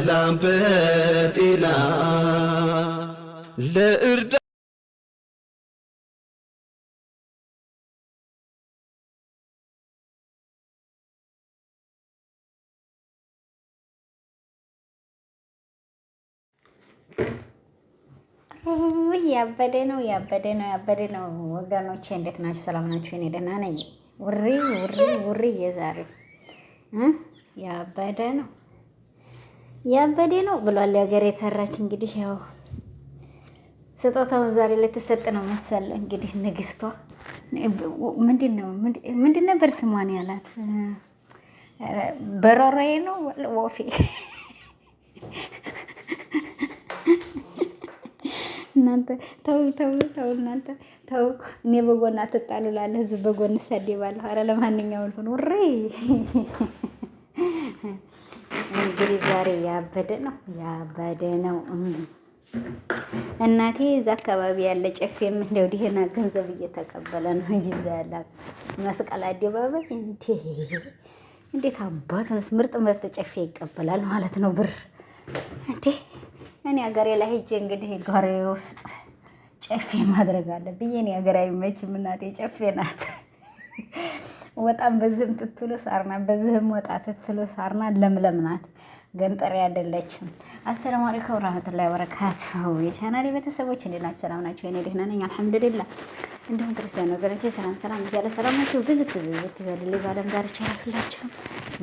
በሰላም በጤና ለእርዳ ያበደ ነው ያበደ ነው ያበደ ነው። ወገኖቼ እንዴት ናችሁ? ሰላም ናችሁ? እኔ ደህና ነኝ። ውሪ ውሪ ውሪ የዛሬው ያበደ ነው። ያበዴ ነው ብሏል የሀገር የተራች እንግዲህ ያው ስጦታውን ዛሬ ለተሰጠ ነው መሰለ እንግዲህ ንግስቷ ምንድን ነው ነበር ስሟን ያላት በረሮዬ ነው ወፌ እናንተ ተው ተው ተው እናንተ ተው እኔ በጎን አትጣሉ ላለ ህዝብ በጎን ሰዴ እሳደባለሁ ኧረ ለማንኛውም ልሆን ውሬ እንግዲህ ዛሬ ያበደ ነው ያበደ ነው። እናቴ እዛ አካባቢ ያለ ጨፌም እንደው ደህና ገንዘብ እየተቀበለ ነው ይዛ ያለ መስቀል አደባባይ እንዴ እንዴት አባትንስ ምርጥ ምርጥ ጨፌ ይቀበላል ማለት ነው ብር እንዴ። እኔ ሀገሬ ላይ ሄጄ እንግዲህ ጋሬ ውስጥ ጨፌ ማድረግ አለብኝ። እኔ ሀገር አይመችም እናቴ ጨፌ ናት። ወጣም በዚህም ትትሉ ሳርና በዚህም ወጣ ትትሉ ሳርና ለምለም ናት፣ ገንጠሬ አይደለችም። አሰላሙ አለይኩም ወራህመቱላሂ ወበረካቱ የቻናሌ ቤተሰቦች እንዴት ናችሁ? ሰላም ናቸው? እኔ ደህና ነኝ አልሐምዱሊላህ። እንዲሁም ክርስቲያን ወገኖቼ ሰላም ሰላም እያለ ሰላም ናቸው። ብዙ ብዙ ትበልል ባለም ዳርቻ ያላችሁ።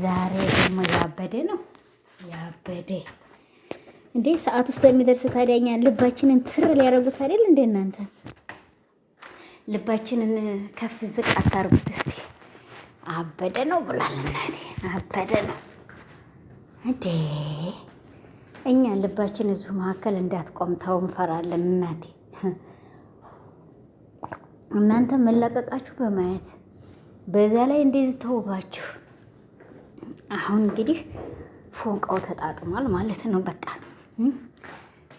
ዛሬ ደግሞ ያበደ ነው ያበደ እንዴ ሰዓት ውስጥ የሚደርስ ታዲያኛ ልባችንን ትር ሊያደርጉት አይደል? እንደ እናንተ ልባችንን ከፍ ዝቅ አታርጉት እስቲ አበደ ነው ብሏል። እናቴ አበደ ነው እንዴ! እኛ ልባችን እዚሁ መካከል እንዳትቆምተው እንፈራለን እናቴ። እናንተ መለቀቃችሁ በማየት በዛ ላይ እንደዚህ ተውባችሁ፣ አሁን እንግዲህ ፎንቃው ተጣጥሟል ማለት ነው። በቃ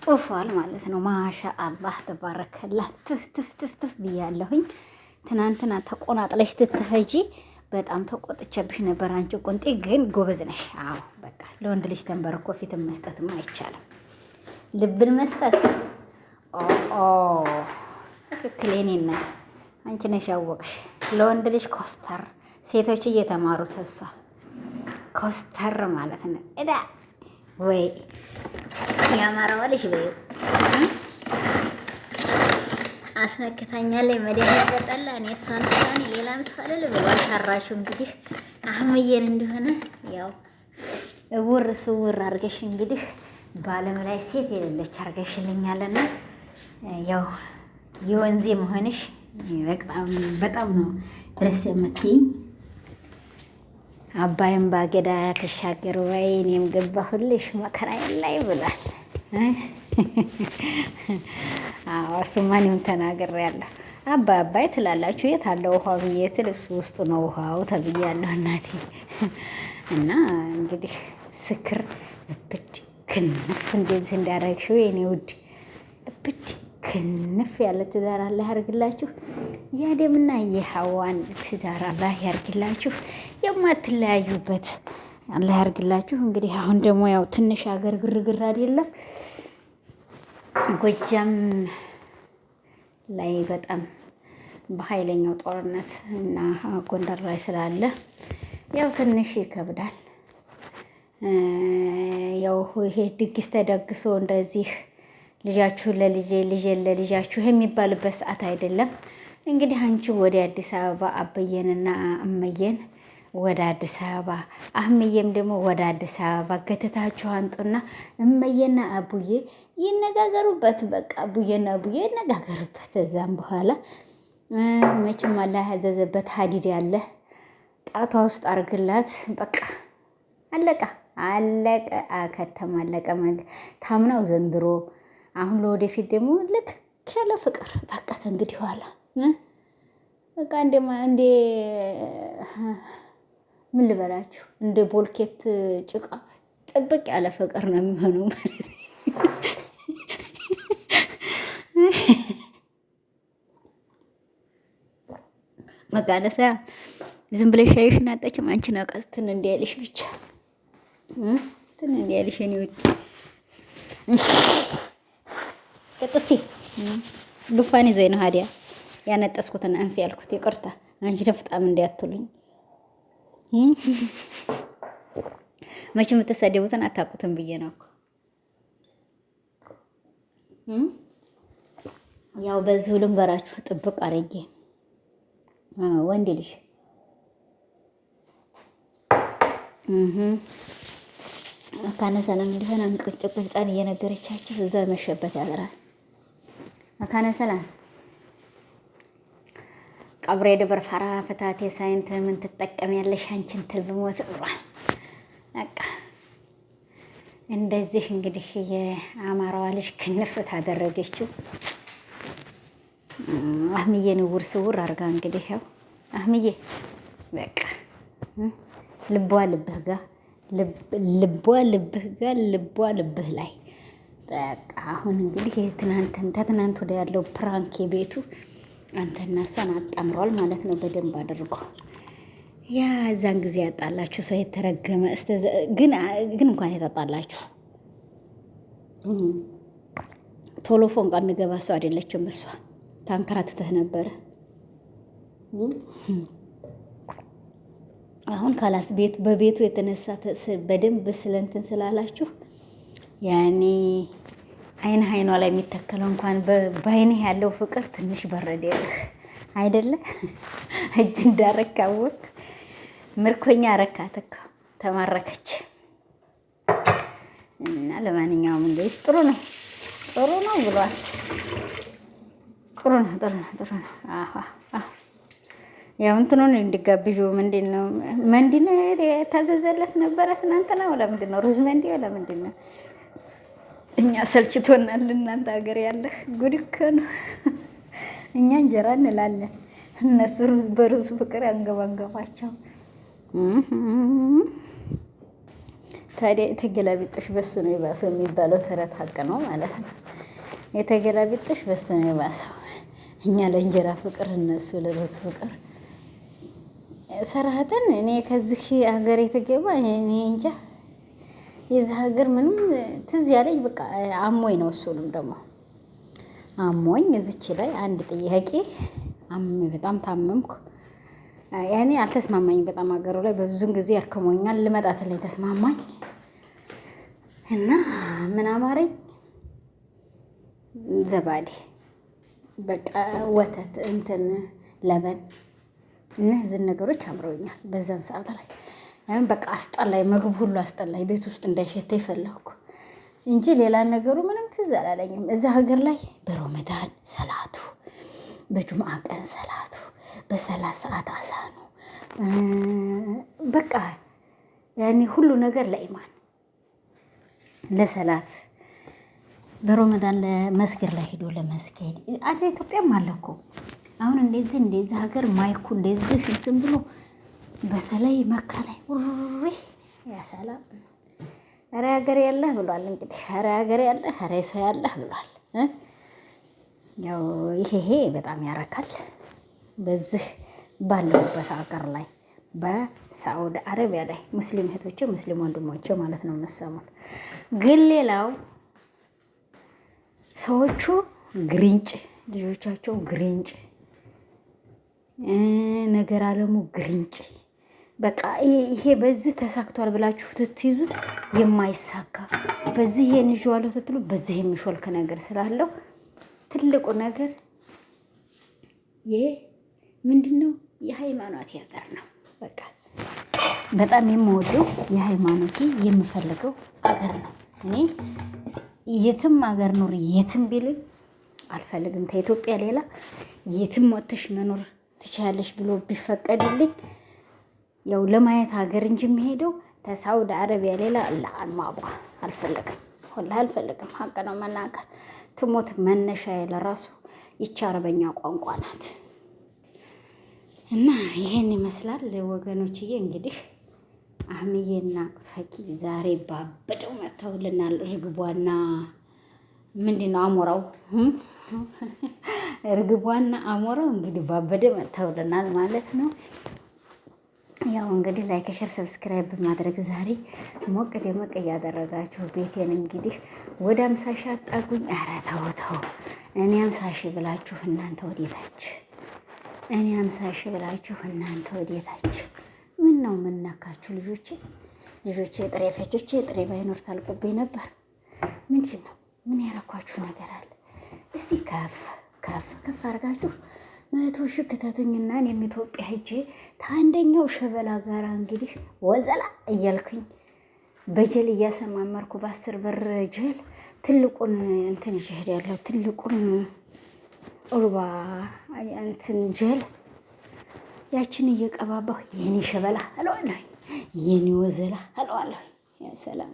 ጡፏል ማለት ነው። ማሻ አላህ ተባረከላ። ትፍ ትፍ ትፍ ትፍ ብያለሁኝ። ትናንትና ተቆናጥለሽ ትትፈጂ በጣም ተቆጥቼብሽ ነበር። አንቺ ቁንጤ ግን ጎበዝ ነሽ። አዎ በቃ ለወንድ ልጅ ተንበርኮ ፊትን መስጠትም አይቻልም፣ ልብን መስጠት ትክክል። የእኔ እናት አንቺ ነሽ ያወቅሽ። ለወንድ ልጅ ኮስተር ሴቶች እየተማሩት እሷ ኮስተር ማለት ነው። እዳ ወይ ያማረዋ በይ አስነክታኛለች። መደብ ተጠላ እኔ እሷን ሳን ሌላ ምሳሌ ለብሏል። ሰራሹ እንግዲህ አህመየን እንደሆነ ያው እውር ስውር አድርገሽ እንግዲህ በዓለም ላይ ሴት የሌለች አድርገሽልኛልና ያው የወንዜ መሆንሽ በጣም ነው ደስ የምትይኝ። አባይም ባገዳ ተሻገር ወይ እኔም ገባሁልሽ መከራ ላይ ብሏል። እሱማንም ተናግሬያለሁ። አባ አባይ ትላላችሁ የት አለ ውሃው ብዬ ትል እሱ ውስጡ ነው ውሃው ተብያለሁ እናቴ። እና እንግዲህ ስክር እብድ ክንፍ እንደዚህ እንዳረግሽው የኔ ውድ እብድ ክንፍ ያለ ትዳር አላህ ያርግላችሁ። የአደምና የሀዋን ትዳር አላህ ያርግላችሁ። የማትለያዩበት አላህ ያርግላችሁ። እንግዲህ አሁን ደግሞ ያው ትንሽ አገር ግርግር አይደለም ጎጃም ላይ በጣም በኃይለኛው ጦርነት እና ጎንደር ላይ ስላለ ያው ትንሽ ይከብዳል። ያው ይሄ ድግስ ተደግሶ እንደዚህ ልጃችሁን ለልጄ ልጄን ለልጃችሁ የሚባልበት ሰዓት አይደለም። እንግዲህ አንቺ ወደ አዲስ አበባ አበየንና እመየን ወደ አዲስ አበባ አህምዬም ደግሞ ወደ አዲስ አበባ ገተታችሁ አንጡና እመዬና አቡዬ ይነጋገሩበት። በቃ አቡዬና አቡዬ ይነጋገሩበት። እዛም በኋላ መቼም አላህ ያዘዘበት ሀዲድ ያለ ጣቷ ውስጥ አርግላት። በቃ አለቃ አለቀ አከተም አለቀ። ታምናው ዘንድሮ አሁን ለወደፊት ደግሞ ልክ ያለ ፍቅር በቃ ተንግዲህ ኋላ በቃ እንዴ ምን ልበላችሁ እንደ ቦልኬት ጭቃ ጥብቅ ያለ ፍቅር ነው የሚሆነው ማለት መቃነሳ ዝም ብለሽ ሻይሽን አጠጭም አንቺን ትን እንዲያልሽ ብቻ ትን እንዲያልሽ እኔ ውድ ቅጥሴ ጉፋን ይዞኝ ነው ሀዲያ ያነጠስኩትን አንፍ ያልኩት ይቅርታ፣ አንቺ ደፍጣም እንዲያትሉኝ መቼ የምትሳደቡትን አታውቁትም ብዬ ነው እኮ። ያው በዚሁ ልንገራችሁ ጥብቅ አድርጌ ወንድ ልጅ መካነ ሰላም እንደሆነ ቅጭቅጫን እየነገረቻችሁ እዛው የመሸበት ያጥራል መካነ ሰላም ቀብሬ ድብር ፈራ ፍታት የሳይንት ምን ትጠቀሚያለሽ አንቺን ትል ብሞት ብሏል። በቃ እንደዚህ እንግዲህ የአማራዋ ልጅ ክንፍ ታደረገችው። አህምዬን እውር ስውር አድርጋ እንግዲህ ያው አህምዬ በቃ ልቧ ልብህ ጋር ልቧ ልብህ ጋር ልቧ ልብህ ላይ በቃ አሁን እንግዲህ ትናንት ተትናንት ወደ ያለው ፕራንክ የቤቱ አንተና እሷን አጣምሯል ማለት ነው። በደንብ አድርጎ ያ እዛን ጊዜ ያጣላችሁ ሰው የተረገመ ግን እንኳን የተጣላችሁ ቶሎ ፎንቃ የሚገባ ሰው አይደለችም። እሷ ታንከራትተህ ነበረ። አሁን ካላስ ቤት በቤቱ የተነሳ በደንብ ስለንትን ስላላችሁ ያኔ አይን አይኗ ላይ የሚተከለው እንኳን በአይንህ ያለው ፍቅር ትንሽ በረድ ያለህ አይደለ? እጅ እንዳረካ ወቅ ምርኮኛ አረካ ተካ ተማረከች። እና ለማንኛውም እንግዲህ ጥሩ ነው ጥሩ ነው ብሏል። ጥሩ ነው ጥሩ ነው ጥሩ ነው። አዎ ያው እንትኑን እንዲጋብዡ ምንድን ነው ምንድን ነው የታዘዘለት ነበረ ትናንትና። ለምንድን ነው ሩዝ መንዲ ለምንድን ነው እኛ ሰልችቶናል። እናንተ ሀገር ያለህ ጉድ እኮ ነው። እኛ እንጀራ እንላለን፣ እነሱ ሩዝ በሩዝ ፍቅር ያንገባንገባቸው። ታዲያ የተገላቢጦሽ በሱ ነው የባሰው የሚባለው ተረት ሀቅ ነው ማለት ነው። የተገላቢጦሽ በሱ ነው የባሰው። እኛ ለእንጀራ ፍቅር፣ እነሱ ለሩዝ ፍቅር። ሰራህተን እኔ ከዚህ ሀገር የተገባ እኔ እንጃ የዚህ ሀገር ምንም ትዝ ያለኝ በቃ አሞኝ ነው። እሱንም ደግሞ አሞኝ እዚች ላይ አንድ ጥያቄ በጣም ታመምኩ። ያኔ አልተስማማኝ በጣም ሀገሩ ላይ በብዙን ጊዜ ያርከሞኛል። ልመጣት ላይ ተስማማኝ እና ምን አማረኝ ዘባዴ በቃ ወተት እንትን ለበን እነዚህን ነገሮች አምረውኛል በዛን ሰዓት ላይ ወይም በቃ አስጠላይ ምግብ ሁሉ አስጠላይ ቤት ውስጥ እንዳይሸተኝ ይፈለግኩ እንጂ ሌላ ነገሩ ምንም ትዝ አላለኝም። እዛ ሀገር ላይ በሮመዳን ሰላቱ፣ በጁምአ ቀን ሰላቱ፣ በሰላት ሰዓት አሳኑ በቃ ያኔ ሁሉ ነገር ለኢማን ለሰላት በሮመዳን ለመስገድ ላይ ሄዶ ለመስገድ አ ኢትዮጵያም አለ አሁን እንደዚህ እንደዚህ ሀገር ማይኩ እንደዚህ እንትን ብሎ በተለይ መካ ላይ ውሪ ያሰላም ኧረ ሀገር ያለህ ብሏል። እንግዲህ ኧረ ሀገር ያለህ ኧረ ሰው ያለህ ብሏል። ያው ይሄ በጣም ያረካል። በዚህ ባለሁበት አቀር ላይ በሳዑድ አረቢያ ላይ ሙስሊም እህቶቼ ሙስሊም ወንድሞቼ ማለት ነው የምሰሙት። ግን ሌላው ሰዎቹ ግሪንጭ ልጆቻቸው ግሪንጭ ነገር አለሙ ግሪንጭ በቃ ይሄ በዚህ ተሳክቷል ብላችሁ ትትይዙት የማይሳካ በዚህ ይሄን ይዤዋለሁ ትትሉ በዚህ የሚሾልክ ነገር ስላለው ትልቁ ነገር ይሄ ምንድን ነው? የሃይማኖት ያገር ነው። በቃ በጣም የምወደው የሃይማኖቴ የምፈልገው አገር ነው። እኔ የትም አገር ኑር የትም ቢልም አልፈልግም። ከኢትዮጵያ ሌላ የትም ወጥተሽ መኖር ትችያለሽ ብሎ ቢፈቀድልኝ ያው ለማየት ሀገር እንጂ የሚሄደው ተሳውዲ አረቢያ ሌላ ለአልማቧ አልፈለግም፣ ሁላ አልፈለግም። ሀቅ ነው መናገር ትሞት መነሻ ለራሱ ይቺ አረበኛ ቋንቋ ናት። እና ይህን ይመስላል ወገኖችዬ። እንግዲህ አህምዬና ፈኪ ዛሬ ባበደው መጥተውልናል። ርግቧና ምንድን ነው አሞራው ርግቧና አሞራው እንግዲህ ባበደ መጥተውልናል ማለት ነው። ያው እንግዲህ ላይክ ሸር ሰብስክራይብ በማድረግ ዛሬ ሞቅ ደመቅ እያደረጋችሁ ቤቴን እንግዲህ ወደ አምሳ ሺህ አጣጉኝ። ኧረ ተው ተው፣ እኔ አምሳ ሺህ ብላችሁ እናንተ ወዴታች? እኔ አምሳ ሺህ ብላችሁ እናንተ ወዴታች? ምን ነው የምናካችሁ? ልጆቼ ልጆቼ ጥሬ ፈጆቼ ጥሬ ባይኖር ታልቁቤ ነበር። ምንድን ነው ምን ያረኳችሁ ነገር አለ? እስቲ ከፍ ከፍ ከፍ አድርጋችሁ መቶ ሺህ ክተቱኝና እኔም ኢትዮጵያ ሄጄ ከአንደኛው ሸበላ ጋር እንግዲህ ወዘላ እያልኩኝ በጀል እያሰማመርኩ በአስር ብር ጀል ትልቁን እንትን ይዤ ያለው ትልቁን ሩባ እንትን ጀል ያችን እየቀባባሁ የኔ ሸበላ አለዋለሁ፣ የኔ ወዘላ አለዋለሁ። ሰላም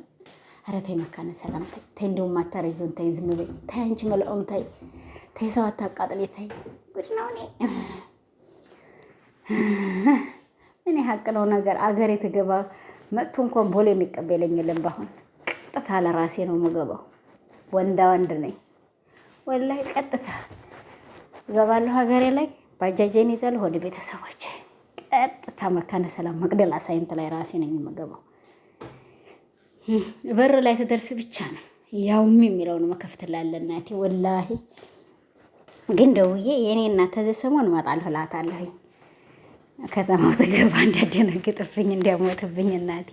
ኧረ ተይ መካነ ሰላም ተይ፣ እንደውም አታረጊውን ተይ፣ ዝም በይ ተይ፣ አንቺ መልኦም ተይ፣ ተይ ሰው አታቃጥሌ ተይ። ጉድ ነው። እኔ እኔ ሀቅ ነው ነገር አገሬ ትገባ መጥቶ እንኳን ቦሌ የሚቀበለኝ የለም። ባሁን ቀጥታ ለራሴ ነው የምገባው። ወንዳ ወንድ ነኝ ወላሂ። ቀጥታ እገባለሁ ሀገሬ ላይ ባጃጄን ይዛለሁ ወደ ቤተሰቦች። ቀጥታ መካነ ሰላም መቅደላ ሳይንት ላይ ራሴ ነኝ የምገባው። በር ላይ ተደርስ ብቻ ነው ያውም የሚለውን መከፍትላለና እናቴ ወላሂ ግን ደውዬ የእኔ እናት ተዘ ሰሞን እመጣለሁ እላታለሁኝ። ከተማው ተገባ እንዳደነግጥብኝ እንዲያሞትብኝ እናቴ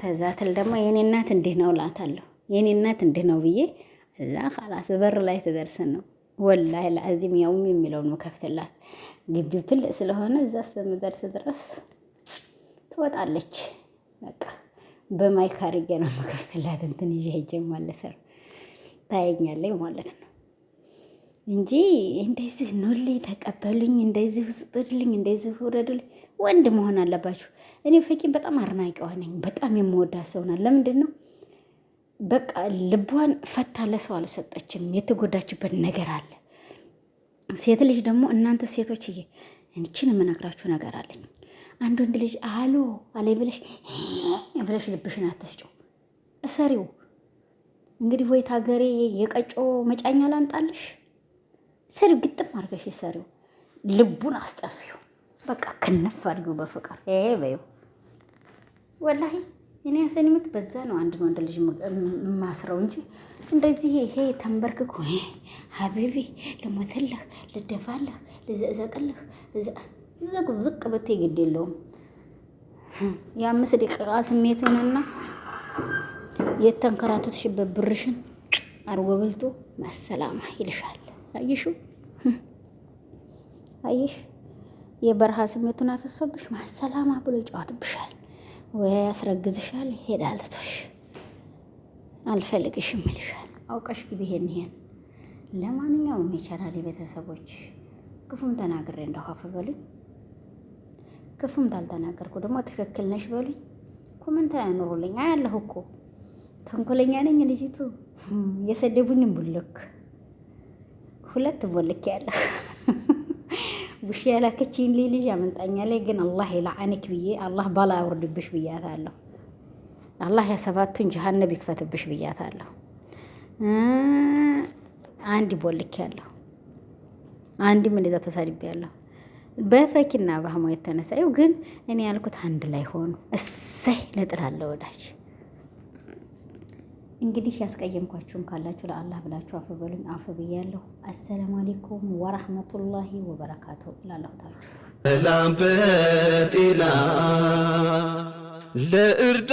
ተዛ ትል ደግሞ የእኔ እናት እንዲህ ነው እላታለሁ። የእኔ እናት እንዲህ ነው ብዬ እዛ ካላስ በር ላይ ትደርስን ነው ወላሂ ለአዚም ያውም የሚለውን መከፍትላት ግቢው ትልቅ ስለሆነ እዛ እስከምደርስ ድረስ ትወጣለች። በቃ በማይክ ነው መከፍትላት እንትን ይዤ ሄጄ ማለት ነው ታየኛለኝ ማለት ነው። እንጂ እንደዚህ ኑልኝ፣ ተቀበሉኝ፣ እንደዚህ ስጡልኝ፣ እንደዚህ ውረዱልኝ ወንድ መሆን አለባችሁ። እኔ ፈኪን በጣም አድናቂዋ ነኝ። በጣም የምወዳ ሰው ናት። ለምንድን ነው በቃ ልቧን ፈታ ለሰው አልሰጠችም። የተጎዳችበት ነገር አለ። ሴት ልጅ ደግሞ እናንተ ሴቶች ሴቶችዬ እንችን የምነግራችሁ ነገር አለኝ። አንድ ወንድ ልጅ አሉ አለ ብለሽ ብለሽ ልብሽን አትስጩ፣ እሰሪው። እንግዲህ ወይ ታገሬ የቀጮ መጫኛ ላንጣልሽ ሰሪው ግጥም አድርገሽ የሰሪው ልቡን አስጠፊው። በቃ ክንፍ አድርጊው በፍቅር ይሄ በይው። ወላሂ እኔ ያሰኒምት በዛ ነው አንድ ወንድ ልጅ ማስረው እንጂ እንደዚህ ይሄ ተንበርክኮ ሀቢቢ ልሞትልህ፣ ልደፋልህ፣ ልዘቅዘቅልህ ዝቅዝቅ ብቴ ግድ የለውም። የአምስት ደቂቃ ስሜቱንና የተንከራተትሽበት ብርሽን አርጎ ብልቶ ማሰላማ ይልሻል። አየሹ አየሽ፣ የበረሃ ስሜቱን አፈሶብሽ ማሰላማ ብሎ ይጫወትብሻል ወይ ያስረግዝሻል፣ ሄዳልቶሽ ትቶሽ አልፈልግሽም ይልሻል። አውቀሽ ግቢ ይሄን ይሄን። ለማንኛውም ይቻላል የቤተሰቦች ክፉም ተናግሬ እንደው አፍ በሉኝ፣ ክፉም ታልተናገርኩ ደግሞ ትክክል ነሽ በሉኝ። ኮመንት ያኑሩልኝ። አያለሁ እኮ ተንኮለኛ ነኝ ልጅቱ የሰደቡኝም ቡልክ ሁለት ቦልክ ያለ ውሽ ያላከችኝ ልጅ አመንጣኛ ላይ ግን አላህ የላአንክ ብዬ አላህ ባላ ያውርድብሽ ብያታለሁ። አላህ ያሰባቱን ጀሃነብ ይክፈትብሽ ብያታለሁ። አንድ ቦልክ ያለሁ አንድም እንደዛ ተሳድቤ ያለሁ በፈኪና ባህሞ የተነሳ ይኸው ግን እኔ ያልኩት አንድ ላይ ሆኑ እሰይ ለጥላለ ወዳጅ እንግዲህ ያስቀየምኳችሁም ካላችሁ ለአላህ ብላችሁ አፍ በሉኝ። አፍ ብያለሁ። አሰላሙ አሌይኩም ወራህመቱላሂ ወበረካቱ እላለሁታችሁ። ሰላም በጤና ለእርዳ